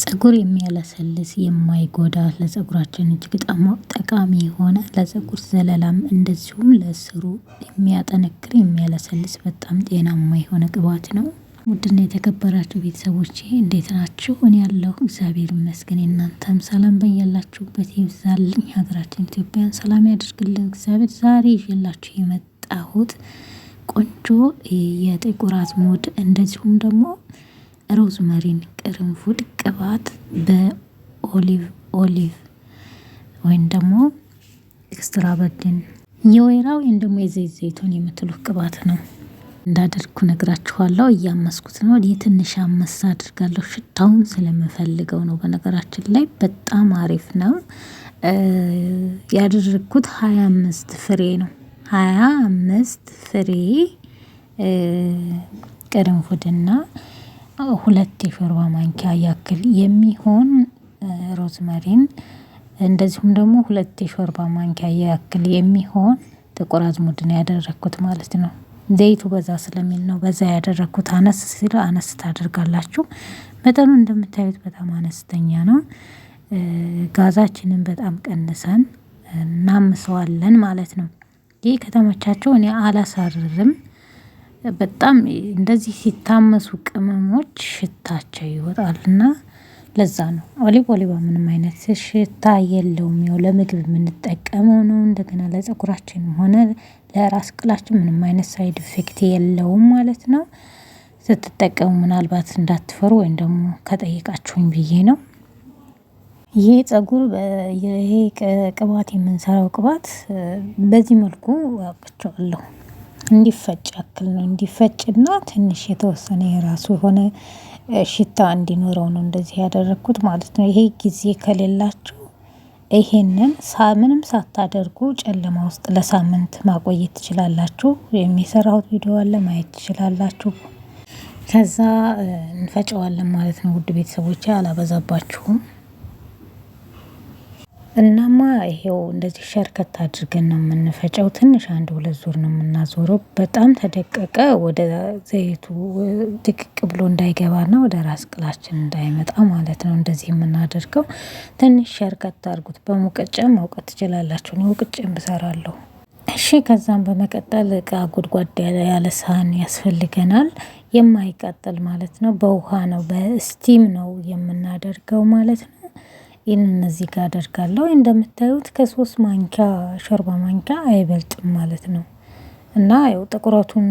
ፀጉር የሚያለሰልስ የማይጎዳ ለጸጉራችን እጅግ ጠቃሚ የሆነ ለፀጉር ዘለላም እንደዚሁም ለስሩ የሚያጠነክር የሚያለሰልስ በጣም ጤናማ የሆነ ቅባት ነው። ውድና የተከበራችሁ ቤተሰቦች እንዴት ናችሁ? እኔ ያለሁ እግዚአብሔር ይመስገን። እናንተም ሰላም በያላችሁበት ይብዛልኝ። ሀገራችን ኢትዮጵያን ሰላም ያደርግልን እግዚአብሔር። ዛሬ ይዤላችሁ የመጣሁት ቆንጆ የጥቁር አዝሙድ እንደዚሁም ደግሞ ሮዝመሪን፣ ቅርንፉድ ቅባት በኦሊቭ ኦሊቭ ወይም ደግሞ ኤክስትራ በርድን የወይራ ወይም ደግሞ የዘይት ዘይቶን የምትሉት ቅባት ነው እንዳደርኩ ነግራችኋለሁ። እያመስኩት ነው። የትንሽ አመሳ አድርጋለሁ፣ ሽታውን ስለምፈልገው ነው። በነገራችን ላይ በጣም አሪፍ ነው። ያደረግኩት ሀያ አምስት ፍሬ ነው። ሀያ አምስት ፍሬ ቅርንፉድና ሁለት የሾርባ ማንኪያ ያክል የሚሆን ሮዝመሪን እንደዚሁም ደግሞ ሁለት የሾርባ ማንኪያ ያክል የሚሆን ጥቁር አዝሙድ ያደረግኩት ያደረኩት ማለት ነው። ዘይቱ በዛ ስለሚል ነው በዛ ያደረኩት። አነስ ሲል አነስ ታደርጋላችሁ። መጠኑ እንደምታዩት በጣም አነስተኛ ነው። ጋዛችንን በጣም ቀንሰን እናምሰዋለን ማለት ነው። ይህ ከተሞቻቸው እኔ አላሳርርም በጣም እንደዚህ ሲታመሱ ቅመሞች ሽታቸው ይወጣልና ለዛ ነው ኦሊቭ ኦሊቫ ምንም አይነት ሽታ የለውም። ያው ለምግብ የምንጠቀመው ነው። እንደገና ለፀጉራችንም ሆነ ለራስ ቅላችን ምንም አይነት ሳይድ ኢፌክት የለውም ማለት ነው። ስትጠቀሙ ምናልባት እንዳትፈሩ ወይም ደግሞ ከጠየቃችሁኝ ብዬ ነው። ይሄ ፀጉር ይሄ ቅባት የምንሰራው ቅባት በዚህ መልኩ አውቃቸዋለሁ እንዲፈጭ ያክል ነው። እንዲፈጭና ትንሽ የተወሰነ የራሱ የሆነ ሽታ እንዲኖረው ነው እንደዚህ ያደረኩት ማለት ነው። ይሄ ጊዜ ከሌላችሁ ይሄንን ምንም ሳታደርጉ ጨለማ ውስጥ ለሳምንት ማቆየት ትችላላችሁ። የሚሰራሁት ቪዲዮ አለ ማየት ትችላላችሁ። ከዛ እንፈጨዋለን ማለት ነው። ውድ ቤተሰቦቼ አላበዛባችሁም። እናማ ይሄው እንደዚህ ሸርከት አድርገን ነው የምንፈጨው። ትንሽ አንድ ሁለት ዙር ነው የምናዞረው። በጣም ተደቀቀ ወደ ዘይቱ ድቅቅ ብሎ እንዳይገባና ወደ ራስ ቅላችን እንዳይመጣ ማለት ነው እንደዚህ የምናደርገው። ትንሽ ሸርከት አድርጉት። በሙቀጫ ማውቀት ትችላላችሁ። እኔ ብሰራለሁ። እሺ ከዛም በመቀጠል እቃ ጉድጓድ ያለ ሳህን ያስፈልገናል። የማይቃጠል ማለት ነው። በውሃ ነው በስቲም ነው የምናደርገው ማለት ነው። ይህንን እዚህ ጋር አደርጋለሁ። እንደምታዩት ከሶስት ማንኪያ ሾርባ ማንኪያ አይበልጥም ማለት ነው። እና ያው ጥቁረቱን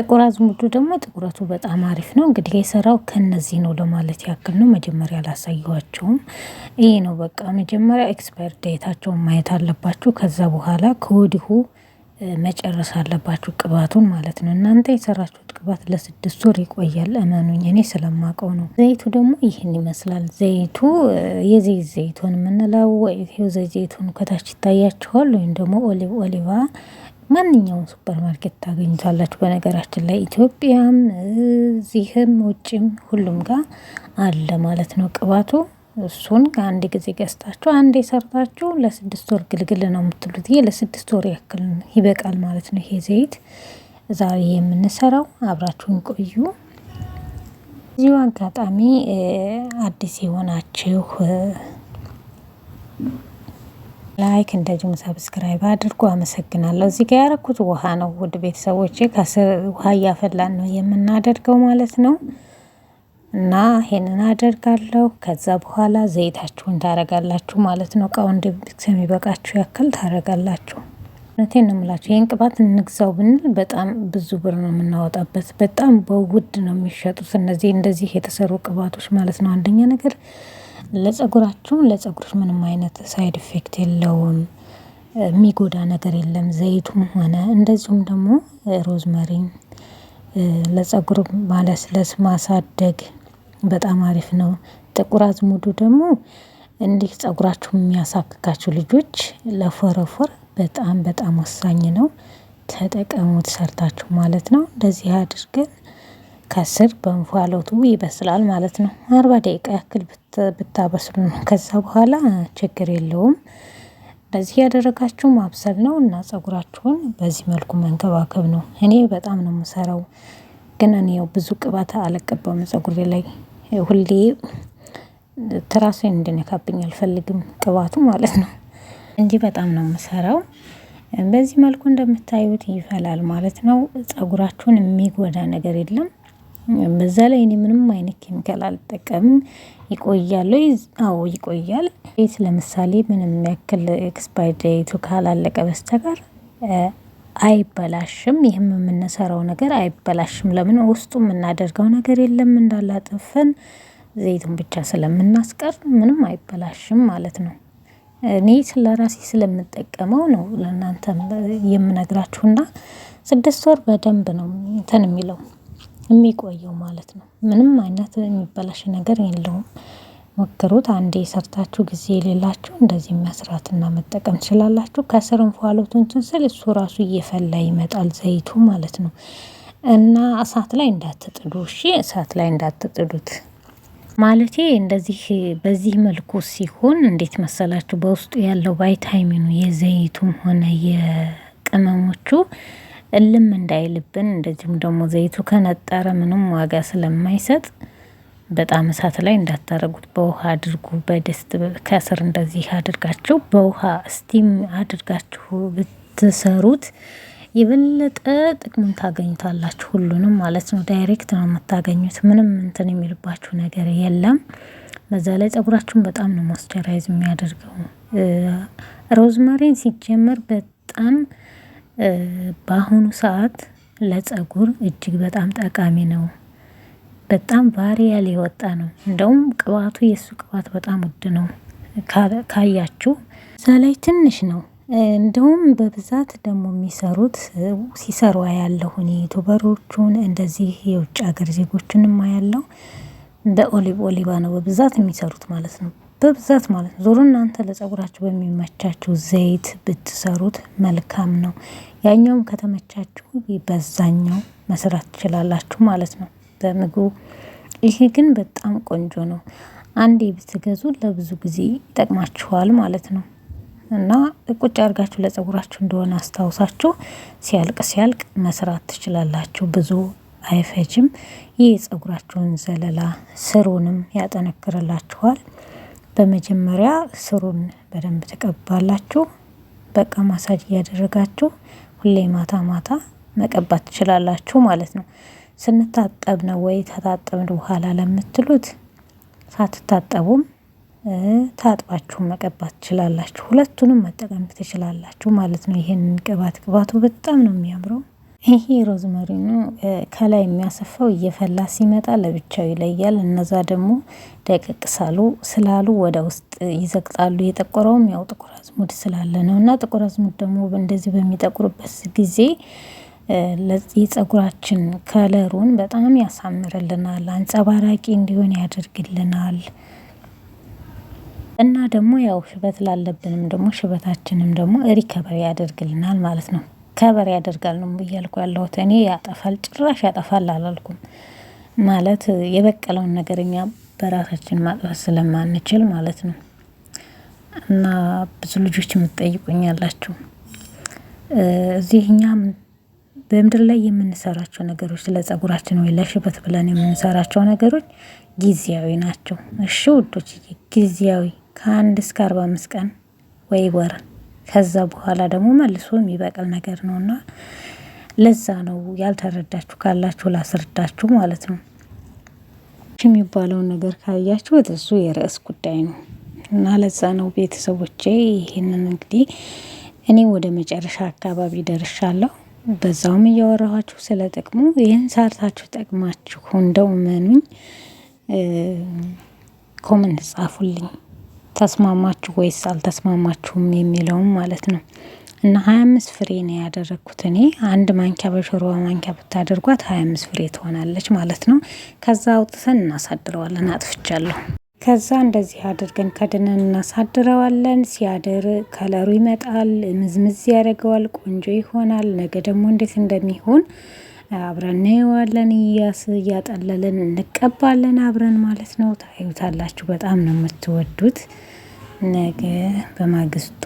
ጥቁር አዝሙዱ ደግሞ ጥቁረቱ በጣም አሪፍ ነው። እንግዲህ የሰራው ከነዚህ ነው ለማለት ያክል ነው። መጀመሪያ አላሳየኋቸውም። ይሄ ነው በቃ መጀመሪያ ኤክስፓየር ዴታቸውን ማየት አለባችሁ። ከዛ በኋላ ከወዲሁ መጨረስ አለባችሁ ቅባቱን ማለት ነው። እናንተ የሰራችሁ ቅባት ለስድስት ወር ይቆያል። እመኑኝ እኔ ስለማውቀው ነው። ዘይቱ ደግሞ ይህን ይመስላል። ዘይቱ የዘይት ዘይቱን የምንለው ወይ ዘይት ዘይቱን ከታች ይታያችኋል። ወይም ደግሞ ኦሊቭ ኦሊቫ ማንኛውም ሱፐር ማርኬት ታገኙታላችሁ። በነገራችን ላይ ኢትዮጵያም እዚህም ውጭም ሁሉም ጋር አለ ማለት ነው ቅባቱ። እሱን ከአንድ ጊዜ ገዝታችሁ አንዴ ሰርታችሁ ለስድስት ወር ግልግል ነው የምትሉት። ይሄ ለስድስት ወር ያክል ይበቃል ማለት ነው ይሄ ዘይት ዛሬ የምንሰራው አብራችሁን ቆዩ። እዚሁ አጋጣሚ አዲስ የሆናችሁ ላይክ እንደዚሁም ሰብስክራይብ አድርጎ አመሰግናለሁ። እዚህ ጋር ያረኩት ውሃ ነው ውድ ቤተሰቦች ከስር ውሃ እያፈላን ነው የምናደርገው ማለት ነው። እና ይሄንን አደርጋለሁ። ከዛ በኋላ ዘይታችሁን ታረጋላችሁ ማለት ነው። እቃው እንደሚበቃችሁ ያክል ታረጋላችሁ። እውነቴን ነው የምላቸው ይህን ቅባት እንግዛው ብንል በጣም ብዙ ብር ነው የምናወጣበት። በጣም በውድ ነው የሚሸጡት እነዚህ እንደዚህ የተሰሩ ቅባቶች ማለት ነው። አንደኛ ነገር ለጸጉራችሁም ለጸጉሮች ምንም አይነት ሳይድ ኢፌክት የለውም፣ የሚጎዳ ነገር የለም። ዘይቱም ሆነ እንደዚሁም ደግሞ ሮዝመሪን ለጸጉር ማለስለስ ማሳደግ በጣም አሪፍ ነው። ጥቁር አዝሙዱ ደግሞ እንዲህ ጸጉራችሁ የሚያሳክካችሁ ልጆች ለፎረፎር በጣም በጣም ወሳኝ ነው። ተጠቀሙት ሰርታችሁ ማለት ነው። እንደዚህ አድርገን ከስር በእንፋሎቱ ይበስላል ማለት ነው። አርባ ደቂቃ ያክል ብታበስሉ ነው ከዛ በኋላ ችግር የለውም። እንደዚህ ያደረጋችሁ ማብሰል ነው እና ጸጉራችሁን በዚህ መልኩ መንከባከብ ነው። እኔ በጣም ነው የምሰራው። ግን እኔ ያው ብዙ ቅባት አለቀባውም ጸጉር ላይ ሁሌ ትራሴን እንዲነካብኝ አልፈልግም ቅባቱ ማለት ነው እንጂ በጣም ነው የምሰራው። በዚህ መልኩ እንደምታዩት ይፈላል ማለት ነው። ጸጉራችሁን የሚጎዳ ነገር የለም። በዛ ላይ እኔ ምንም አይነት ኬሚካል አልጠቀምም። ይቆያል አዎ ይቆያል። ቤት ለምሳሌ ምንም ያክል ኤክስፓይር ዴቱ ካላለቀ በስተቀር አይበላሽም። ይህም የምንሰራው ነገር አይበላሽም። ለምን ውስጡ የምናደርገው ነገር የለም። እንዳላጠፈን ዘይቱን ብቻ ስለምናስቀር ምንም አይበላሽም ማለት ነው። እኔ ስለራሴ ስለምጠቀመው ነው ለእናንተ የምነግራችሁና ስድስት ወር በደንብ ነው እንትን የሚለው የሚቆየው ማለት ነው። ምንም አይነት የሚበላሽ ነገር የለውም። ሞክሩት አንዴ የሰርታችሁ ጊዜ የሌላችሁ እንደዚህ መስራትና መጠቀም ትችላላችሁ። ከስር እንፋሎቱ እንትን ስል እሱ ራሱ እየፈላ ይመጣል ዘይቱ ማለት ነው። እና እሳት ላይ እንዳትጥዱ እሺ እሳት ላይ እንዳትጥዱት ማለቴ እንደዚህ በዚህ መልኩ ሲሆን እንዴት መሰላችሁ፣ በውስጡ ያለው ቫይታሚኑ የዘይቱም ሆነ የቅመሞቹ እልም እንዳይልብን እንደዚሁም ደግሞ ዘይቱ ከነጠረ ምንም ዋጋ ስለማይሰጥ በጣም እሳት ላይ እንዳታረጉት፣ በውሃ አድርጉ። በድስት ከስር እንደዚህ አድርጋችሁ በውሃ ስቲም አድርጋችሁ ብትሰሩት የበለጠ ጥቅሙን ታገኙታላችሁ። ሁሉንም ማለት ነው ዳይሬክት ነው የምታገኙት። ምንም እንትን የሚልባችሁ ነገር የለም። በዛ ላይ ጸጉራችሁን በጣም ነው ሞስቸራይዝ የሚያደርገው። ሮዝመሪን ሲጀመር በጣም በአሁኑ ሰዓት ለጸጉር እጅግ በጣም ጠቃሚ ነው። በጣም ቫሪያል የወጣ ነው። እንደውም ቅባቱ የእሱ ቅባት በጣም ውድ ነው ካያችሁ። እዛ ላይ ትንሽ ነው እንደውም በብዛት ደግሞ የሚሰሩት ሲሰሩ ያለሁን ዩቱበሮቹን እንደዚህ የውጭ ሀገር ዜጎችንም ያለው በኦሊቭ ኦሊቫ ነው በብዛት የሚሰሩት ማለት ነው። በብዛት ማለት ነው። ዞሮ እናንተ ለፀጉራችሁ በሚመቻችሁ ዘይት ብትሰሩት መልካም ነው። ያኛውም ከተመቻችሁ በዛኛው መስራት ትችላላችሁ ማለት ነው። በምግቡ ይሄ ግን በጣም ቆንጆ ነው። አንዴ ብትገዙ ለብዙ ጊዜ ይጠቅማችኋል ማለት ነው እና ቁጭ አድርጋችሁ ለፀጉራችሁ እንደሆነ አስታውሳችሁ ሲያልቅ ሲያልቅ መስራት ትችላላችሁ። ብዙ አይፈጅም። ይህ የጸጉራችሁን ዘለላ ስሩንም ያጠነክርላችኋል። በመጀመሪያ ስሩን በደንብ ትቀባላችሁ። በቃ ማሳጅ እያደረጋችሁ ሁሌ ማታ ማታ መቀባት ትችላላችሁ ማለት ነው። ስንታጠብ ነው ወይ ከታጠብን በኋላ ለምትሉት ሳትታጠቡም ታጥባችሁ መቀባት ትችላላችሁ። ሁለቱንም መጠቀም ትችላላችሁ ማለት ነው። ይህንን ቅባት ቅባቱ በጣም ነው የሚያምረው። ይሄ ሮዝመሪ ነው። ከላይ የሚያሰፋው እየፈላ ሲመጣ ለብቻው ይለያል። እነዛ ደግሞ ደቅቅ ሳሉ ስላሉ ወደ ውስጥ ይዘግጣሉ። የጠቆረውም ያው ጥቁር አዝሙድ ስላለ ነው እና ጥቁር አዝሙድ ደግሞ እንደዚህ በሚጠቁርበት ጊዜ የጸጉራችን ከለሩን በጣም ያሳምርልናል፣ አንጸባራቂ እንዲሆን ያደርግልናል። እና ደግሞ ያው ሽበት ላለብንም ደግሞ ሽበታችንም ደግሞ ሪከበር ያደርግልናል ማለት ነው። ከበር ያደርጋል ነው እያልኩ ያለሁት እኔ ያጠፋል፣ ጭራሽ ያጠፋል አላልኩም። ማለት የበቀለውን ነገር እኛ በራሳችን ማጥፋት ስለማንችል ማለት ነው። እና ብዙ ልጆች የምትጠይቁኝ ያላችሁ እዚህ እኛ በምድር ላይ የምንሰራቸው ነገሮች ለጸጉራችን ወይ ለሽበት ብለን የምንሰራቸው ነገሮች ጊዜያዊ ናቸው። እሺ ውዶች ጊዜያዊ ከአንድ እስከ አርባ አምስት ቀን ወይ ወር ከዛ በኋላ ደግሞ መልሶ የሚበቅል ነገር ነው እና ለዛ ነው ያልተረዳችሁ ካላችሁ ላስረዳችሁ ማለት ነው። የሚባለውን ነገር ካያችሁ እሱ የርዕስ ጉዳይ ነው እና ለዛ ነው ቤተሰቦቼ ይህንን እንግዲህ እኔ ወደ መጨረሻ አካባቢ ደርሻለሁ። በዛውም እያወራኋችሁ ስለ ጥቅሙ ይህን ሰርታችሁ ጠቅማችሁ እንደው መኑኝ ኮመንት ጻፉልኝ። ተስማማችሁ ወይስ አልተስማማችሁም የሚለውም ማለት ነው። እና ሀያ አምስት ፍሬ ነው ያደረግኩት እኔ አንድ ማንኪያ በሾርባ ማንኪያ ብታደርጓት ሀያ አምስት ፍሬ ትሆናለች ማለት ነው። ከዛ አውጥተን እናሳድረዋለን። አጥፍቻለሁ። ከዛ እንደዚህ አድርገን ከድነን እናሳድረዋለን። ሲያድር ከለሩ ይመጣል፣ ምዝምዝ ያደርገዋል፣ ቆንጆ ይሆናል። ነገ ደግሞ እንዴት እንደሚሆን አብረን እናየዋለን። እያስ እያጠለልን እንቀባለን አብረን ማለት ነው። ታዩታላችሁ። በጣም ነው የምትወዱት። ነገ በማግስቱ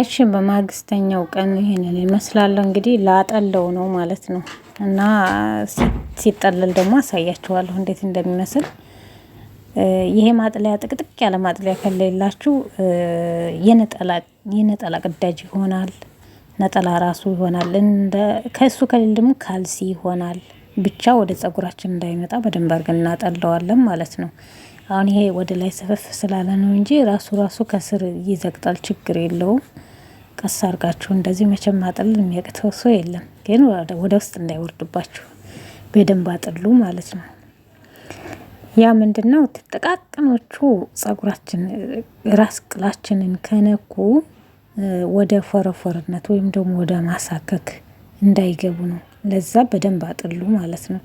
እሺ፣ በማግስተኛው ቀን ይሄንን ይመስላል እንግዲህ ላጠለው ነው ማለት ነው። እና ሲጠለል ደግሞ አሳያችኋለሁ እንዴት እንደሚመስል። ይሄ ማጥለያ ጥቅጥቅ ያለ ማጥለያ ከሌላችሁ የነጠላ ቅዳጅ ይሆናል። ነጠላ ራሱ ይሆናል። ከእሱ ከሌል ደግሞ ካልሲ ይሆናል። ብቻ ወደ ጸጉራችን እንዳይመጣ በደንብ አርገን እናጠለዋለን ማለት ነው። አሁን ይሄ ወደ ላይ ሰፈፍ ስላለ ነው እንጂ ራሱ ራሱ ከስር ይዘግጣል፣ ችግር የለውም። ቀስ አርጋችሁ እንደዚህ መቼም ማጠል የሚያቅተው ሰው የለም፣ ግን ወደ ውስጥ እንዳይወርድባችሁ በደንብ አጥሉ ማለት ነው። ያ ምንድን ነው ጥቃቅኖቹ ጸጉራችን ራስ ቅላችንን ከነኩ ወደ ፎረፎርነት ወይም ደግሞ ወደ ማሳከክ እንዳይገቡ ነው። ለዛ በደንብ አጥሉ ማለት ነው።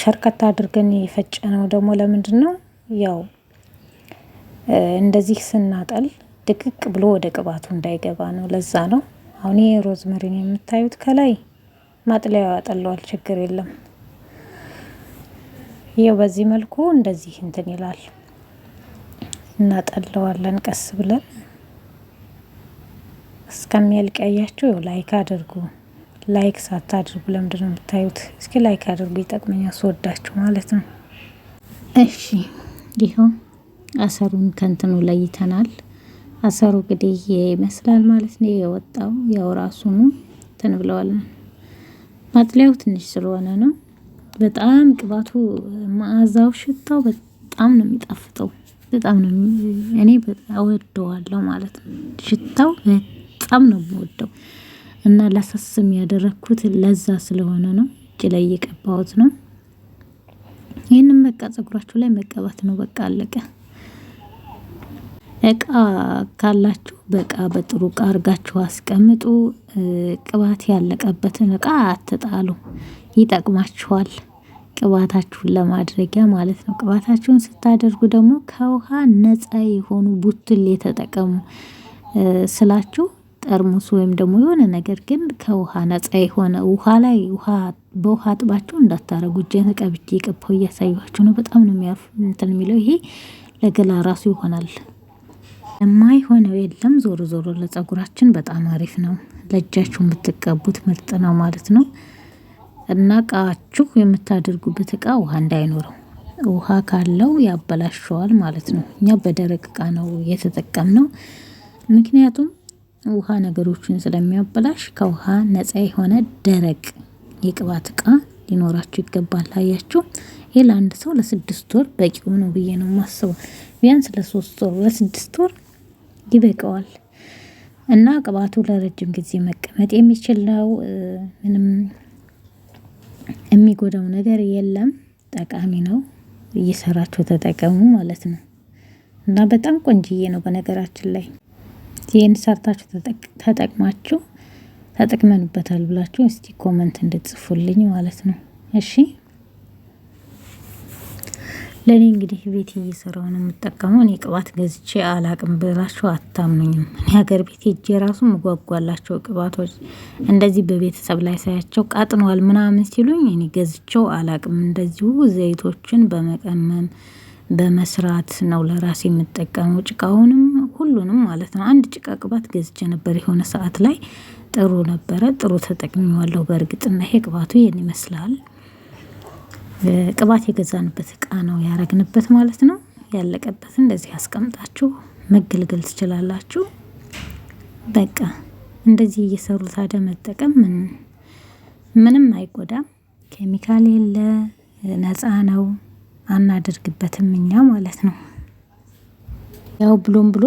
ሸርከታ አድርገን የፈጨነው ደግሞ ለምንድን ነው? ያው እንደዚህ ስናጠል ድቅቅ ብሎ ወደ ቅባቱ እንዳይገባ ነው። ለዛ ነው። አሁን ይሄ ሮዝመሪን የምታዩት ከላይ ማጥለያው ያጠለዋል፣ ችግር የለም። ይኸው በዚህ መልኩ እንደዚህ እንትን ይላል እናጠለዋለን ቀስ ብለን እስከሚያልቀያችሁ ላይክ አድርጉ። ላይክ ሳታድርጉ ነው የምታዩት? እስኪ ላይክ አድርጉ። ይጠቅመኛል ስወዳችሁ ማለት ነው። እሺ ይኸው አሰሩን ከንትኑ ለይተናል። አሰሩ እንግዲህ ይመስላል ማለት ነው የወጣው ያው ራሱኑ እንትን ብለዋለን። ማጥለያው ትንሽ ስለሆነ ነው። በጣም ቅባቱ መዓዛው፣ ሽታው በጣም ነው የሚጣፍጠው። በጣም ነው እኔ ወደዋለሁ ማለት ነው ሽታው በጣም ነው የምወደው እና ላሳስም ያደረግኩት ለዛ ስለሆነ ነው። እጅ ላይ እየቀባሁት ነው። ይህንም በቃ ጸጉራችሁ ላይ መቀባት ነው። በቃ አለቀ። እቃ ካላችሁ በቃ በጥሩ እቃ አርጋችሁ አስቀምጡ። ቅባት ያለቀበትን እቃ አትጣሉ፣ ይጠቅማችኋል። ቅባታችሁን ለማድረጊያ ማለት ነው። ቅባታችሁን ስታደርጉ ደግሞ ከውሃ ነፃ የሆኑ ቡትል የተጠቀሙ ስላችሁ ጠርሙስ ወይም ደግሞ የሆነ ነገር ግን ከውሃ ነጻ የሆነ ውሃ ላይ ውሃ በውሃ አጥባችሁ እንዳታረጉ። እጄን ቀብቼ የቀባው እያሳያችሁ ነው። በጣም ነው የሚያርፍ እንትን የሚለው ይሄ ለገላ ራሱ ይሆናል። የማይሆነው የለም። ዞሮ ዞሮ ለጸጉራችን በጣም አሪፍ ነው። ለእጃችሁ የምትቀቡት ምርጥ ነው ማለት ነው። እና እቃችሁ የምታደርጉበት እቃ ውሃ እንዳይኖረው ውሃ ካለው ያበላሸዋል ማለት ነው። እኛ በደረቅ እቃ ነው የተጠቀምነው ምክንያቱም ውሃ ነገሮችን ስለሚያበላሽ ከውሃ ነጻ የሆነ ደረቅ የቅባት እቃ ሊኖራችሁ ይገባል። አያችሁ ይህ ለአንድ ሰው ለስድስት ወር በቂው ነው ብዬ ነው ማስበው። ቢያንስ ለሶስት ወር ለስድስት ወር ይበቀዋል። እና ቅባቱ ለረጅም ጊዜ መቀመጥ የሚችል ነው። ምንም የሚጎዳው ነገር የለም። ጠቃሚ ነው። እየሰራችሁ ተጠቀሙ ማለት ነው። እና በጣም ቆንጅዬ ነው በነገራችን ላይ ይህን ሰርታችሁ ተጠቅማችሁ ተጠቅመንበታል ብላችሁ እስቲ ኮመንት እንድጽፉልኝ ማለት ነው። እሺ ለእኔ እንግዲህ ቤት እየሰራው ነው የምጠቀመው። እኔ ቅባት ገዝቼ አላቅም ብላችሁ አታምኑኝም። እኔ ሀገር ቤት ሄጄ ራሱ ምጓጓላቸው ቅባቶች እንደዚህ በቤተሰብ ላይ ሳያቸው ቀጥኗል ምናምን ሲሉኝ እኔ ገዝቼው አላቅም። እንደዚሁ ዘይቶችን በመቀመም በመስራት ነው ለራሴ የምጠቀመው ጭቃውንም ሁሉንም ማለት ነው። አንድ ጭቃ ቅባት ገዝቼ ነበር የሆነ ሰዓት ላይ ጥሩ ነበረ፣ ጥሩ ተጠቅሚዋለሁ በእርግጥና ይሄ ቅባቱ ይህን ይመስላል። ቅባት የገዛንበት እቃ ነው ያረግንበት ማለት ነው። ያለቀበት እንደዚህ አስቀምጣችሁ መገልገል ትችላላችሁ። በቃ እንደዚህ እየሰሩ ታዲያ መጠቀም ምንም አይጎዳም። ኬሚካል የለ፣ ነፃ ነው። አናደርግበትም እኛ ማለት ነው። ያው ብሎም ብሎ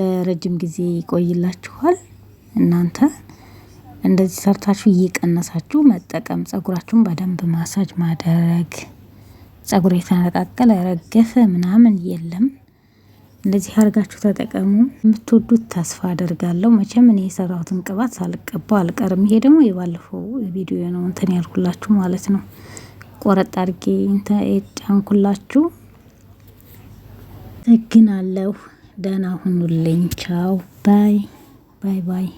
ለረጅም ጊዜ ይቆይላችኋል። እናንተ እንደዚህ ሰርታችሁ እየቀነሳችሁ መጠቀም ጸጉራችሁን በደንብ ማሳጅ ማድረግ ፀጉር የተነቃቀለ ረገፈ ምናምን የለም። እንደዚህ አድርጋችሁ ተጠቀሙ። የምትወዱት ተስፋ አደርጋለሁ። መቼም እኔ የሰራሁትን ቅባት ሳልቀባው አልቀርም። ይሄ ደግሞ የባለፈው ቪዲዮ ነው እንትን ያልኩላችሁ ማለት ነው። ቆረጥ አድርጌ ጫንኩላችሁ። አመሰግናለሁ። ደህና ሁኑልኝ። ቻው ባይ ባይ ባይ